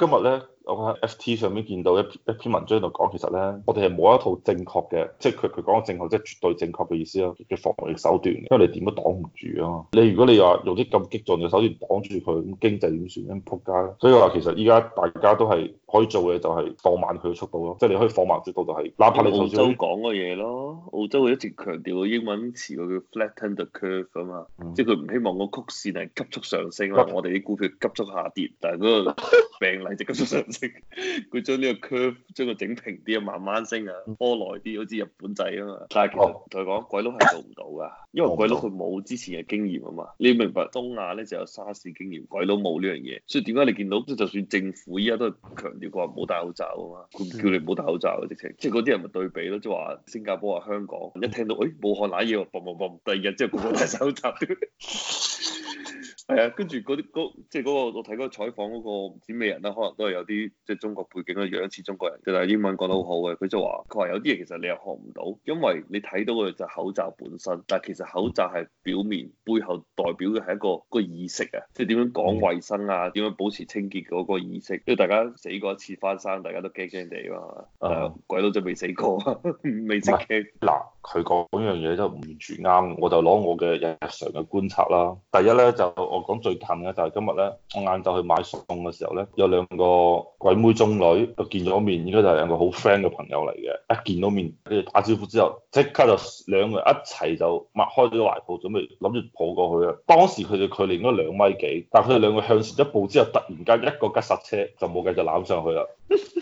今日咧。我喺 FT 上面見到一篇一篇文章度講，其實咧我哋係冇一套正確嘅，即係佢佢講嘅正確，即係絕對正確嘅意思啊，嘅防疫手段，因為你點都擋唔住啊嘛。你如果你話用啲咁激進嘅手段擋住佢，咁經濟點算咧？撲街！所以話其實依家大家都係可以做嘅就係放慢佢嘅速度咯，即係你可以放慢速度就係，哪怕你澳洲講嘅嘢咯，澳洲佢一直強調個英文詞佢叫 flatten the curve 啊嘛，即係佢唔希望個曲線係急速上升啦，但 我哋啲股票急速下跌，但係嗰個病例就急速上升。 佢 將呢個 curve 將佢整平啲啊，慢慢升啊，波耐啲，好似日本仔啊嘛。但係其實同佢講，鬼佬係做唔到㗎，因為鬼佬佢冇之前嘅經驗啊嘛。你明白，東亞咧就是、有沙士經驗，鬼佬冇呢樣嘢，所以點解你見到即就算政府依家都係強調話唔好戴口罩啊嘛，佢唔叫你唔好戴口罩啊，直情即係嗰啲人咪對比咯，即係話新加坡啊、香港一聽到誒、哎、武漢瀨嘢，嘣嘣嘣，第二日即係全部戴口罩。 係啊，跟住嗰啲即係嗰個、就是那個、我睇嗰個採訪嗰、那個唔知咩人啦，可能都係有啲即係中國背景啊，樣似中國人嘅，但、就、係、是、英文講得好好嘅。佢就話：佢話有啲嘢其實你又學唔到，因為你睇到嘅就口罩本身，但係其實口罩係表面背後代表嘅係一個個意識啊，即係點樣講衞生啊，點樣保持清潔嗰個意識。因為大家死過一次翻生，大家都驚驚地㗎嘛，鬼佬真係未死過，未死、uh, 的。嗱，佢講呢樣嘢都唔住啱，我就攞我嘅日常嘅觀察啦。第一咧就我。講最近嘅就係今日咧，我晏晝去買餸嘅時候咧，有兩個鬼妹中女，就見咗面，應該就係兩個好 friend 嘅朋友嚟嘅。一見到面，佢哋打招呼之後，即刻就兩個人一齊就擘開咗懷抱，準備諗住抱過去啊！當時佢哋距離應該兩米幾，但係佢哋兩個向前一步之後，突然間一個急剎車，就冇繼續攬上去啦。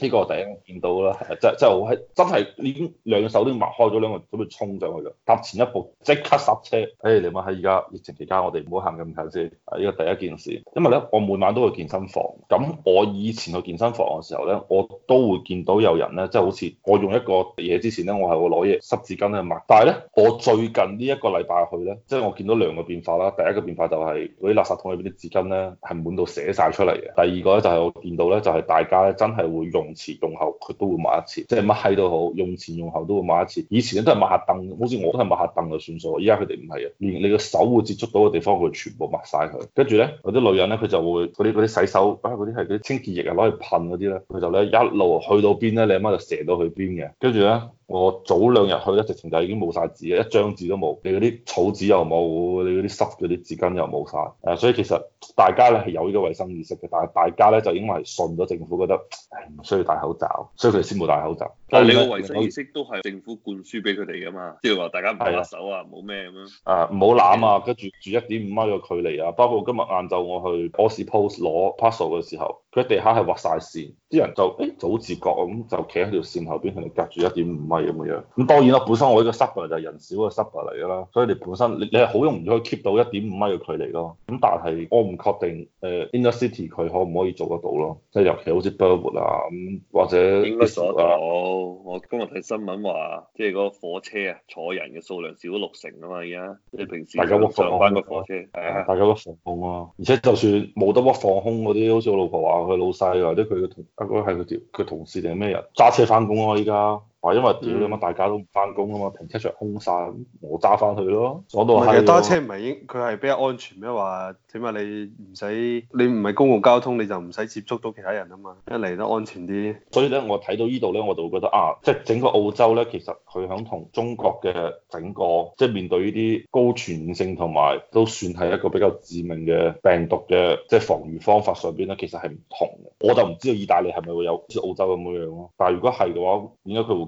呢 個我第一見到啦，真真係我係真係已經兩隻手都擘開咗，兩個準備衝上去啦！踏前一步即刻剎車。誒，你問喺而家疫情期間我，我哋唔好行咁近先。呢個第一件事，因為咧我每晚都去健身房。咁我以前去健身房嘅時候咧，我都會見到有人咧，即係好似我用一個嘢之前咧，我係會攞嘢濕紙巾去抹。但係咧，我最近呢一個禮拜去咧，即係我見到兩個變化啦。第一個變化就係嗰啲垃圾桶入邊啲紙巾咧，係滿到寫晒出嚟嘅。第二個咧就係我見到咧，就係大家咧真係會用前用後佢都會抹一次，即係乜閪都好，用前用後都會抹一次。以前咧都係抹下凳，好似我都係抹下凳就算數。依家佢哋唔係啊，連你個手會接觸到嘅地方，佢全部抹晒佢。跟住咧，有啲女人咧，佢就會嗰啲嗰啲洗手，嗰啲係嗰啲清潔液啊，攞去噴嗰啲咧，佢就咧一路去到邊咧，你阿媽就射到去邊嘅。跟住咧。我早兩日去，一直廁就已經冇晒紙嘅，一張紙都冇。你嗰啲草紙又冇，你嗰啲濕嗰啲紙巾又冇晒。誒，所以其實大家咧係有呢個衛生意識嘅，但係大家咧就因為信咗政府，覺得唔需要戴口罩，所以佢哋先冇戴口罩。但係、就是、你個衛生意識都係政府灌輸俾佢哋㗎嘛，即係話大家唔握手啊，冇咩咁樣啊，唔好攬啊，跟、啊、住住一點五米嘅距離啊。包括今日晏晝我去 AusPost 攞 Parcel 嘅時候。佢地下係畫晒線，啲人就誒早、欸、自覺咁就企喺條線後邊，係咪隔住一點五米咁嘅樣。咁當然啦，本身我呢個 suburb、er、就係人少嘅 suburb 嚟㗎啦，所以你本身你你係好容易可以 keep 到一點五米嘅距離咯。咁但係我唔確定誒、呃、inner city 佢可唔可以做得到咯？即係尤其好似 Burwood 啊咁，或者應該、啊、我今日睇新聞話，即係嗰個火車啊，坐人嘅數量少咗六成啊嘛，而家你平時大家放空嘅火車，啊、大家都放空啊。而且就算冇得屈放空嗰啲，好似我老婆話。佢老細，或者佢嘅同，啊，嗰係佢條，佢同事定係咩人？揸車翻工咯，依家。話因為點啊嘛，大家都唔返工啊嘛，停車場空晒，我揸翻去咯。我話係揸車唔係應佢係比較安全咩？話、啊，起碼你唔使你唔係公共交通，你就唔使接觸到其他人啊嘛，一嚟得安全啲。所以咧，我睇到呢度咧，我就會覺得啊，即係整個澳洲咧，其實佢響同中國嘅整個即係面對呢啲高傳染性同埋都算係一個比較致命嘅病毒嘅即係防禦方法上邊咧，其實係唔同嘅。我就唔知道意大利係咪會有好似澳洲咁樣樣咯。但係如果係嘅話，點解佢會？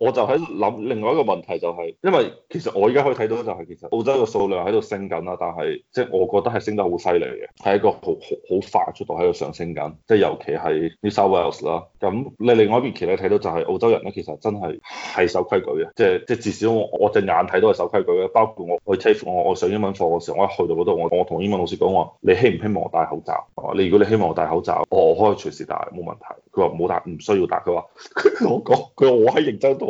我就喺諗另外一個問題就係，因為其實我而家可以睇到就係其實澳洲嘅數量喺度升緊啦，但係即係我覺得係升得好犀利嘅，係一個好好快速度喺度上升緊，即係尤其係 New South Wales 咯。咁你另外一邊其實睇到就係澳洲人咧，其實真係係守規矩嘅、就是，即係即係至少我我隻眼睇到係守規矩嘅。包括我去 TAFE 我我，我上英文課嘅時候，我一去到嗰度我我同英文老師講我，你希唔希望我戴口罩？你如果你希望我戴口罩，我可以隨時戴冇問題。佢話冇戴唔需要戴。佢話 我講佢話我喺認真度。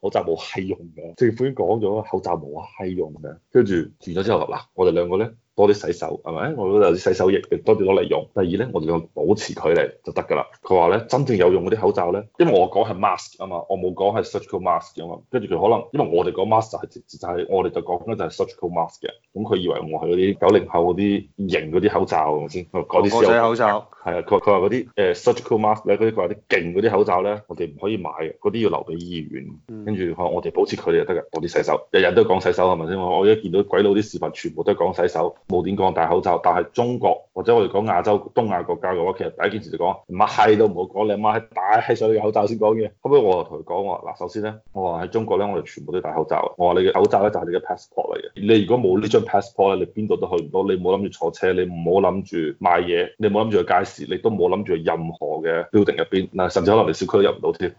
口罩冇閪用嘅，政府已經講咗口罩冇閪用嘅，跟住完咗之後嗱，我哋兩個咧多啲洗手係咪？我都有啲洗手液多啲攞嚟用。第二咧，我哋兩個保持距離就得㗎啦。佢話咧真正有用嗰啲口罩咧，因為我講係 mas mask 啊嘛，我冇講係 surgical mask 啊嘛。跟住佢可能因為我哋講 mas、就係就係、mask 係直接就係我哋就講咧就係 surgical mask 嘅，咁佢以為我係嗰啲九零後嗰啲型嗰啲口罩係咪先？講啲口罩係啊，佢話佢話嗰啲誒 surgical mask 咧，啲佢話啲勁嗰啲口罩咧，我哋唔可以買嘅，嗰啲要留俾醫院。嗯。跟住我哋保持佢哋就得嘅，多啲洗手，日日都講洗手係咪先？我依家見到鬼佬啲視頻全部都係講洗手，冇點講戴口罩。但係中國或者我哋講亞洲東亞國家嘅話，其實第一件事就講，唔係都唔好講，你唔係戴喺上嘅口罩先講嘅。後屘我又同佢講，我話嗱，首先咧，我話喺中國咧，我哋全部都戴口罩。我話你嘅口罩咧就係你嘅 passport 嚟嘅。而你如果冇呢張 passport 咧，你邊度都去唔到。你冇諗住坐車，你唔好諗住買嘢，你冇諗住去街市，你都冇諗住任何嘅 building 入邊嗱，甚至可能你小區都入唔到添。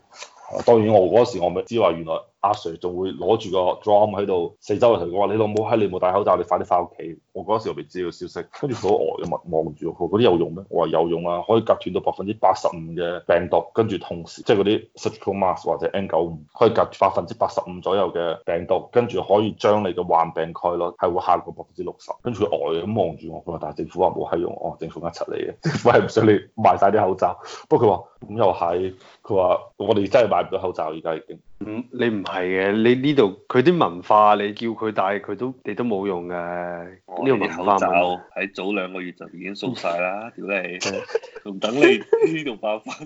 當然，我嗰時我唔知話原來。阿 Sir 仲會攞住個 drum 喺度四周圍同我話：你老母喺你冇戴口罩，你快啲返屋企！我嗰時我未知道消息，跟住佢好呆咁望住我，佢話：嗰啲有用咩？我話：有用啊，可以隔斷到百分之八十五嘅病毒，跟住同時即係嗰啲 surgical mask 或者 N 九五，可以隔百分之八十五左右嘅病毒，跟住可以將你嘅患病概率係會下降到百分之六十。跟住呆咁望住我，佢話：但係政府話冇閪用，我、哦、政府一出嚟嘅，政府係唔想你賣晒啲口罩。不過佢話：咁又係，佢話我哋真係買唔到口罩，而家已經。唔，你唔係嘅，你呢度佢啲文化，你叫佢戴，佢都你都冇用嘅。呢個文化唔喺早兩個月就已經掃晒啦，屌你，仲 等你呢度爆發，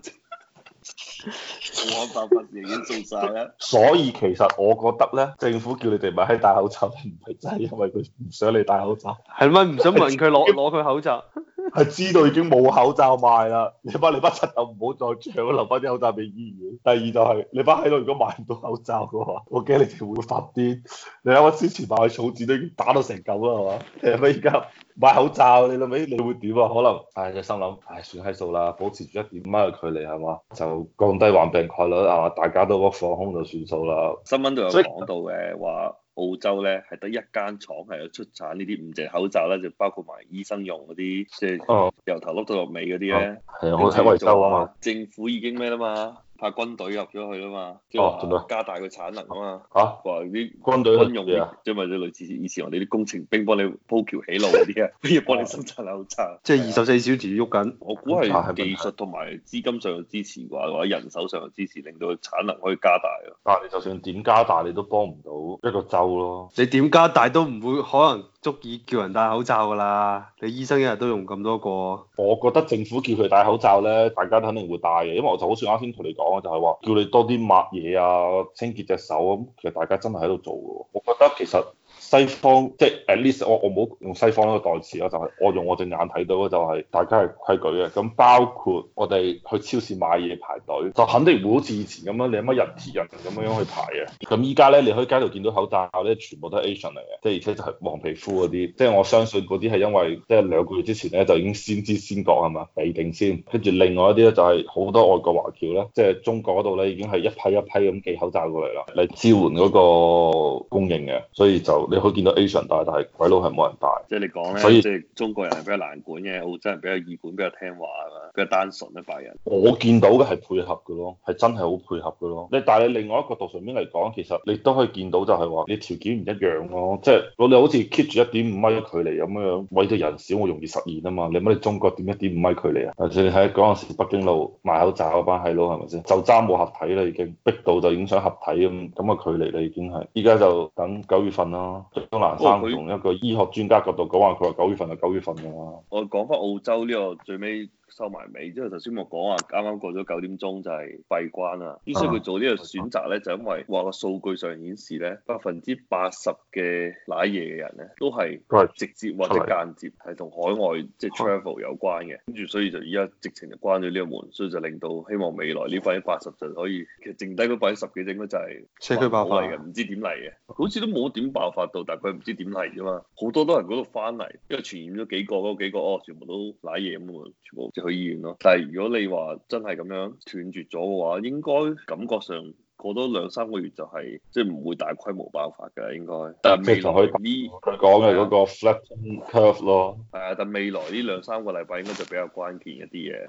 武漢爆發已經掃晒啦。所以其實我覺得咧，政府叫你哋咪喺戴口罩，唔係真係因為佢唔想你戴口罩，係咪唔想問佢攞攞佢口罩，係知道已經冇口罩賣啦，你把你把柒頭唔好再搶，留翻啲口罩俾醫院。第二就係、是、你把喺度如果買唔到口罩嘅話，我驚你哋會發癲。你睇我之前買草紙都已經打到成嚿啦，係嘛？係咪而家買口罩？你老味你會點啊？可能唉，就心諗唉，算閪數啦，保持住一點米嘅距離係嘛，就降低患病概率係嘛，大家都 work from home 就算數啦。新聞就有講到嘅話。澳洲咧係得一間廠係有出產呢啲五隻口罩啦，就包括埋醫生用嗰啲，即係由頭碌到落尾嗰啲咧。係啊，我喺維州啊嘛，啊政府已經咩啦嘛。啊軍隊入咗去啦嘛，即係、加大個產能啊嘛，話啲、哦軍，啊、軍隊軍用啲啊，即係咪啲類似以前我哋啲工程兵幫你鋪橋起路嗰啲啊，要 幫你生產口罩，即係二十四小時喐緊。我估係技術同埋資金上嘅支持啩，啊、或者人手上嘅支持，令到佢產能可以加大咯。但係你就算點加大，你都幫唔到一個州咯。你點加大都唔會可能。足以叫人戴口罩噶啦，你醫生一日都用咁多個。我覺得政府叫佢戴口罩咧，大家都肯定會戴嘅，因為我就好似啱先同你講，就係話叫你多啲抹嘢啊，清潔隻手咁，其實大家真係喺度做嘅。我覺得其實。西方即係、就是、at least 我我冇用西方嗰個代詞啦，就係、是、我用我隻眼睇到嘅就係、是、大家係規矩嘅。咁包括我哋去超市買嘢排隊，就肯定唔會好似以前咁樣，你有乜人貼人咁樣去排嘅。咁依家咧，你可以街度見到口罩咧，全部都係 Asian 嚟嘅，即係而且就係黃皮膚嗰啲。即、就、係、是、我相信嗰啲係因為即係、就是、兩個月之前咧就已經先知先覺係嘛，備定先，跟住另外一啲咧就係好多外國華僑咧，即、就、係、是、中國嗰度咧已經係一批一批咁寄口罩過嚟啦嚟支援嗰個供應嘅，所以就你佢見到 Asian 大，但係鬼佬係冇人帶。即係你講咧，所以中國人係比較難管嘅，澳洲人比較易管，比較聽話啊嘛，比較單純一白人。我見到嘅係配合嘅咯，係真係好配合嘅咯。你但係另外一個角度上面嚟講，其實你都可以見到就係話你條件唔一樣咯、啊，即係我哋好似 keep 住一點五米嘅距離咁樣，位咗人少我容易實現啊嘛。你乜你中國點一點五米距離啊？或者喺嗰陣時北京路賣口罩嗰班係咯，係咪先？就揸冇合體啦，已經逼到就影相合體咁咁嘅距離啦，已經係。依家就等九月份咯。鍾南山、哦、從一個醫學專家角度講話，佢話九月份就九月份㗎嘛、啊。我講返澳洲呢個最尾。收埋尾之後，頭先我講話，啱啱過咗九點鐘就係閉關啦。於是佢做呢個選擇咧，啊、就因為話個數據上顯示咧，百分之八十嘅瀨嘢嘅人咧，都係直接或者間接係同海外即係、啊、travel 有關嘅。跟住、啊、所以就依家直情就關咗呢個門，所以就令到希望未來呢塊八十就可以，其實剩低嗰塊十幾隻應該就係社區爆發嘅，唔知點嚟嘅。好似都冇點爆發到，但係佢唔知點嚟啫嘛。好多都係嗰度翻嚟，因為傳染咗幾個嗰幾個，哦、全部都瀨嘢咁啊，全部。全部去醫院咯，但係如果你話真係咁樣斷絕咗嘅話，應該感覺上過多兩三個月就係、是、即係唔會大規模爆發嘅應該。但未來呢講嘅嗰個 flat curve 咯，係啊，但係未來呢兩三個禮拜應該就比較關鍵一啲嘢。